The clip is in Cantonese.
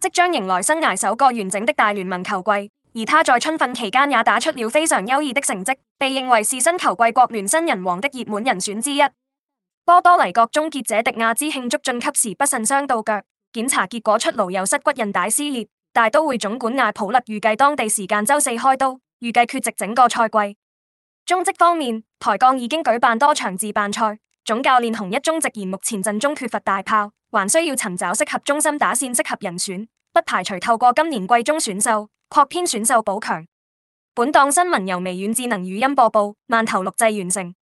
即將迎來生涯首個完整的大聯盟球季，而他在春訓期間也打出了非常優異的成績，被認為是新球季國聯新人王的熱門人選之一。波多黎各終結者迪亞茲慶祝晉級時不慎傷到腳，檢查結果出爐，右膝髕骨韌帶撕裂，大都會總管艾普勒預計當地時間週四開刀，預計缺席整個賽季。中職方面，台鋼已經舉辦多場自辦賽。總教練洪一中直言，目前陣中缺乏大炮，還需要尋找適合中心打線適合人選，不排除透過今年季中選秀擴編選秀補強。本檔新聞由微軟智能語音播報，萬頭錄製完成。